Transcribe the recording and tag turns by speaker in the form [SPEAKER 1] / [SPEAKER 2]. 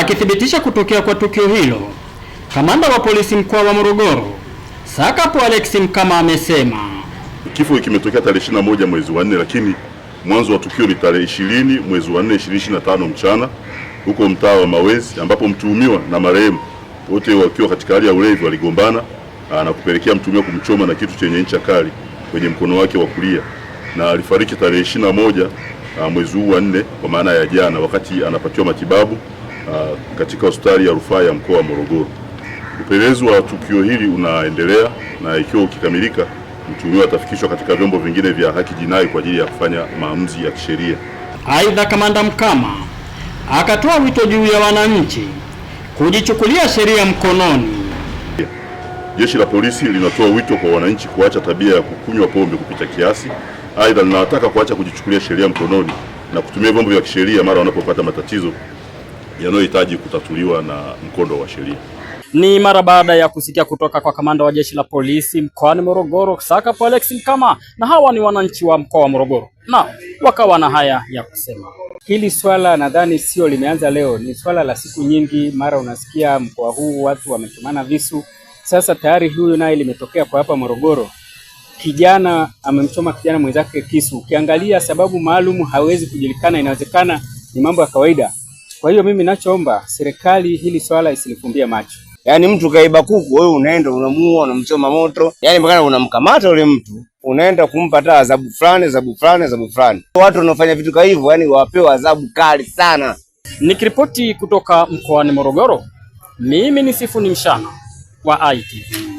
[SPEAKER 1] Akithibitisha kutokea kwa tukio hilo, kamanda wa polisi mkoa wa Morogoro Sakapo Alex Mkama amesema
[SPEAKER 2] kifo kimetokea tarehe 21 mwezi wa 4, lakini mwanzo wa tukio ni tarehe 20 mwezi wa 4 2025 mchana huko mtaa wa Mawezi ambapo mtuhumiwa na marehemu wote wakiwa katika hali ya ulevi waligombana ah, na kupelekea mtuhumiwa kumchoma na kitu chenye ncha kali kwenye mkono wake wa kulia na alifariki tarehe 21 ah, mwezi huu wa 4 kwa maana ya jana, wakati anapatiwa matibabu Uh, katika hospitali ya rufaa ya mkoa wa Morogoro. Upelelezi wa tukio hili unaendelea na ikiwa ukikamilika, mtuhumiwa atafikishwa katika vyombo vingine vya haki jinai kwa ajili ya kufanya maamuzi ya kisheria.
[SPEAKER 1] Aidha, kamanda Mkama akatoa wito juu ya wananchi kujichukulia sheria mkononi.
[SPEAKER 2] Jeshi la polisi linatoa wito kwa wananchi kuacha tabia ya kukunywa pombe kupita kiasi. Aidha, linawataka kuacha kujichukulia sheria mkononi na kutumia vyombo vya kisheria mara wanapopata matatizo yanayohitaji kutatuliwa na mkondo wa sheria.
[SPEAKER 3] Ni mara baada ya kusikia kutoka kwa kamanda wa jeshi la polisi mkoani Morogoro Sakapo Alex Mkama, na hawa ni wananchi wa mkoa wa Morogoro, na wakawa na haya ya kusema.
[SPEAKER 4] Hili swala nadhani sio limeanza leo, ni swala la siku nyingi. Mara unasikia mkoa huu watu wamechomana visu, sasa tayari huyu naye limetokea kwa hapa Morogoro, kijana amemchoma kijana mwenzake kisu. Ukiangalia sababu maalum hawezi kujulikana, inawezekana ni mambo ya kawaida kwa hiyo mimi nachoomba serikali hili swala isilifumbie macho.
[SPEAKER 5] Yaani mtu kaiba kuku, wewe unaenda unamuua, unamchoma moto, yaani mpaka unamkamata yule mtu, unaenda kumpa taa adhabu fulani, adhabu fulani, adhabu fulani. Watu wanaofanya vitu kama hivyo, yaani wapewe adhabu kali sana.
[SPEAKER 3] Nikiripoti kutoka mkoani Morogoro, mimi ni Sifuni Mshana wa ITV.